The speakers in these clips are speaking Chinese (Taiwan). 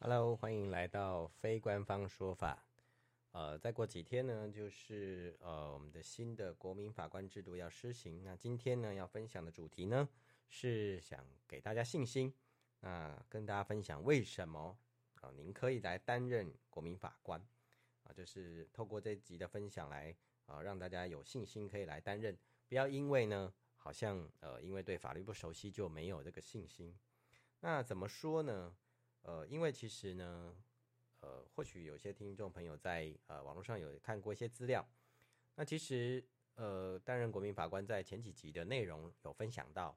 Hello，歡迎來到非官方說法。呃，再過幾天呢，就是呃我們的新的國民法官制度要施行。那今天呢，要分享的主題呢，是想給大家信心。那、呃、跟大家分享為什麼啊、呃，您可以來擔任國民法官啊、呃，就是透過這集的分享來啊、呃，讓大家有信心可以來擔任。不要因為呢，好像呃，因為對法律不熟悉就沒有這個信心。那怎麼說呢？呃，因為其實呢，呃，或許有些聽眾朋友在呃網絡上有看過一些資料，那其實呃，擔任國民法官在前幾集的內容有分享到，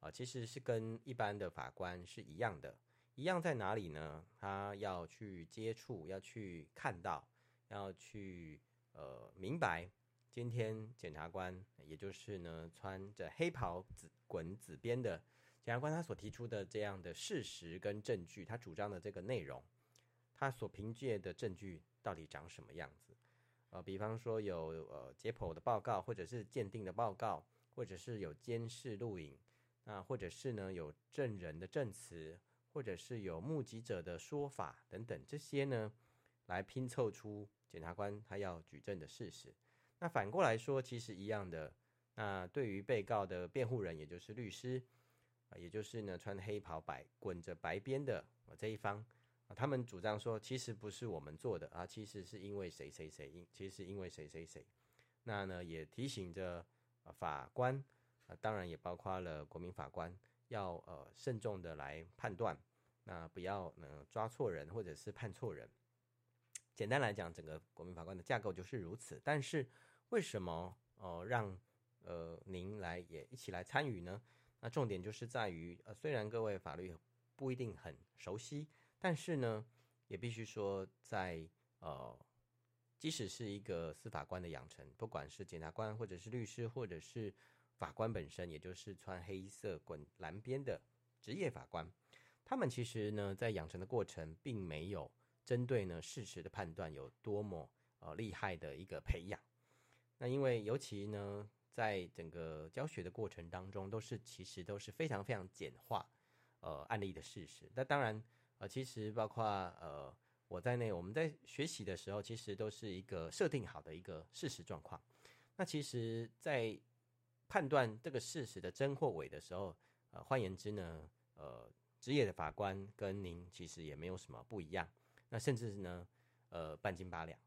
啊、呃，其實是跟一般的法官是一樣的，一樣在哪裡呢？他要去接觸，要去看到，要去呃明白，今天檢察官也就是呢穿着黑袍子、滾紫邊的。檢察官他所提出的這樣的事實跟證據，他主張的這個內容，他所憑借的證據到底長什麼樣子？呃，比方說有呃解剖的報告，或者是鑑定的報告，或者是有監視錄影，那、呃、或者是呢有證人的證詞，或者是有目擊者的說法等等這些呢，來拼湊出檢察官他要舉證的事實。那反過來說，其實一樣的。那、呃、對於被告的辯護人，也就是律師。也就是呢，穿黑袍白滾着白邊的這一方、呃、他們主張說，其實不是我們做的啊，其實是因為誰誰誰，其實是因為誰誰誰。那呢，也提醒着、呃、法官、呃、當然也包括了國民法官，要呃慎重的來判斷，那不要呃抓錯人或者是判錯人。簡單來講，整個國民法官的架構就是如此。但是為什麼呃讓呃您來也一起來參與呢？那重點就是在於，呃，雖然各位法律不一定很熟悉，但是呢，也必須說在，在呃，即使是一個司法官的養成，不管是檢察官或者是律師或者是法官本身，也就是穿黑色滾藍邊的職業法官，他們其實呢，在養成的過程，並沒有針對呢事實的判斷有多麼呃厲害的一個培養。那因為尤其呢。在整個教學的過程當中，都是其實都是非常非常簡化，呃，案例的事實。那當然，呃，其實包括呃我在內，我們在學習的時候，其實都是一個設定好的一個事實狀況。那其實，在判斷這個事實的真或偽的時候，呃，換言之呢，呃，職業的法官跟您其實也沒有什麼不一樣，那甚至呢，呃，半斤八兩。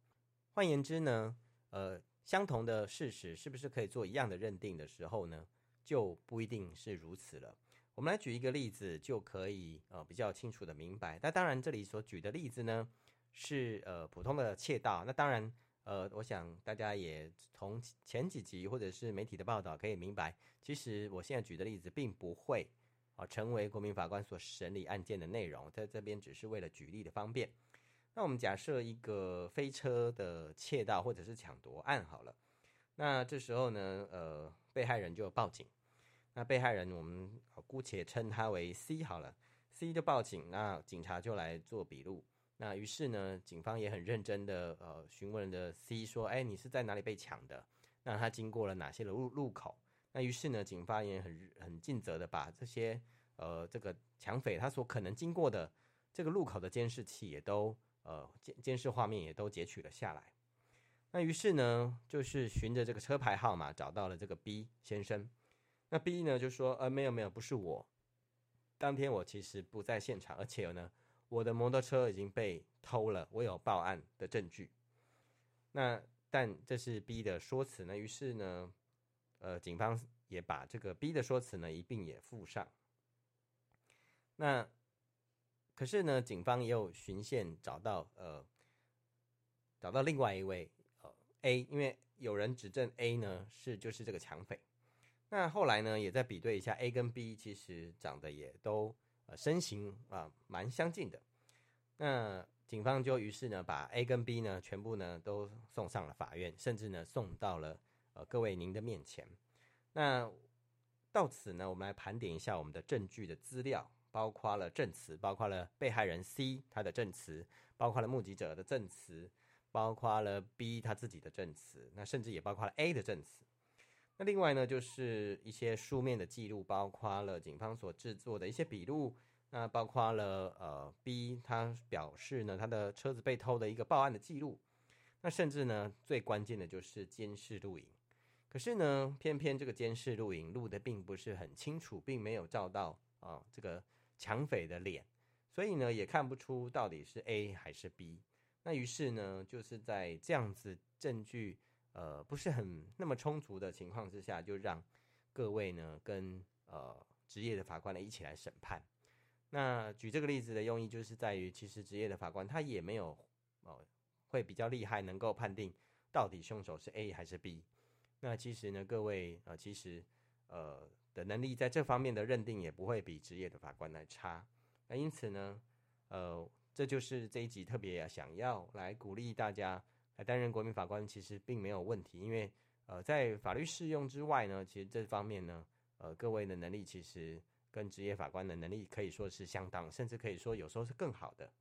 換言之呢，呃。相同的事實是不是可以做一樣的認定的時候呢？就不一定是如此了。我們來舉一個例子就可以呃比較清楚的明白。那當然這裡所舉的例子呢是呃普通的竊盜。那當然呃我想大家也從前幾集或者是媒體的報道可以明白，其實我現在舉的例子並不會啊、呃、成為國民法官所審理案件的內容，在這邊只是為了舉例的方便。那我們假設一個飛車的竊盜或者是搶奪案好了，那這時候呢，呃，被害人就報警。那被害人我們姑且稱他為 C 好了，C 就報警，那警察就來做筆錄。那於是呢，警方也很認真的呃詢問了 C 說：“哎，你是在哪裡被搶的？那他經過了哪些的路路口？”那於是呢，警方也很很盡責的把這些呃這個搶匪他所可能經過的這個路口的監視器也都。呃，監監視畫面也都截取了下來。那於是呢，就是循着這個車牌號碼找到了這個 B 先生。那 B 呢就說：“呃，沒有沒有，不是我。當天我其實不在現場，而且呢，我的摩托車已經被偷了，我有報案的證據。那”那但這是 B 的說辭呢。於是呢，呃，警方也把這個 B 的說辭呢一併也附上。那。可是呢，警方也有循線找到呃，找到另外一位呃 A，因為有人指證 A 呢是就是這個搶匪。那後來呢，也在比對一下 A 跟 B，其實長得也都、呃、身形啊、呃、蠻相近的。那警方就於是呢，把 A 跟 B 呢全部呢都送上了法院，甚至呢送到了呃各位您的面前。那到此呢，我們來盤點一下我們的證據的資料。包括了證詞，包括了被害人 C 他的證詞，包括了目擊者的證詞，包括了 B 他自己的證詞，那甚至也包括了 A 的證詞。那另外呢，就是一些書面的記錄，包括了警方所制作的一些筆錄，那包括了呃 B 他表示呢，他的車子被偷的一個報案的記錄，那甚至呢，最關鍵的就是監視錄影。可是呢，偏偏這個監視錄影錄的並不是很清楚，並沒有照到啊、哦、這個。搶匪的臉，所以呢也看不出到底是 A 還是 B。那於是呢，就是在這樣子證據呃不是很那麼充足的情況之下，就讓各位呢跟呃職業的法官呢一起來審判。那舉這個例子的用意，就是在於其實職業的法官他也沒有呃會比較厲害，能夠判定到底凶手是 A 還是 B。那其實呢，各位呃其實呃。的能力在這方面的認定也不會比職業的法官來差。那因此呢，呃，這就是這一集特別想要來鼓勵大家，來擔任國民法官其實並沒有問題，因為呃，在法律適用之外呢，其實這方面呢，呃，各位的能力其實跟職業法官的能力可以說是相當，甚至可以說有時候是更好的。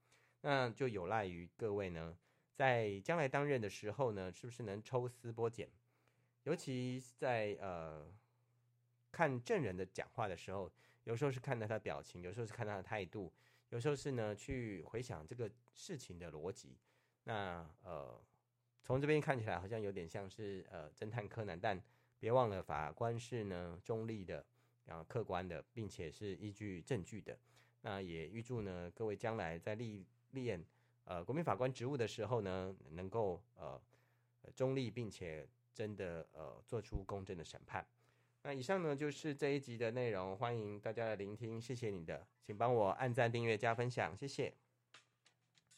那就有賴於各位呢，在將來擔任的時候呢，是不是能抽絲剝繭，尤其在呃。看證人的講話的時候，有時候是看到他的表情，有時候是看到他的態度，有時候是呢去回想這個事情的邏輯。那呃，從這邊看起來好像有點像是呃偵探柯南，但別忘了法官是呢中立的，然後客觀的，並且是依據證據的。那也預祝呢各位將來在歷練呃國民法官職務的時候呢，能夠呃中立，並且真的呃做出公正的審判。那以上呢就是這一集的內容，歡迎大家來聆聽，謝謝你的，請幫我按讚、訂閱、加分享，謝謝。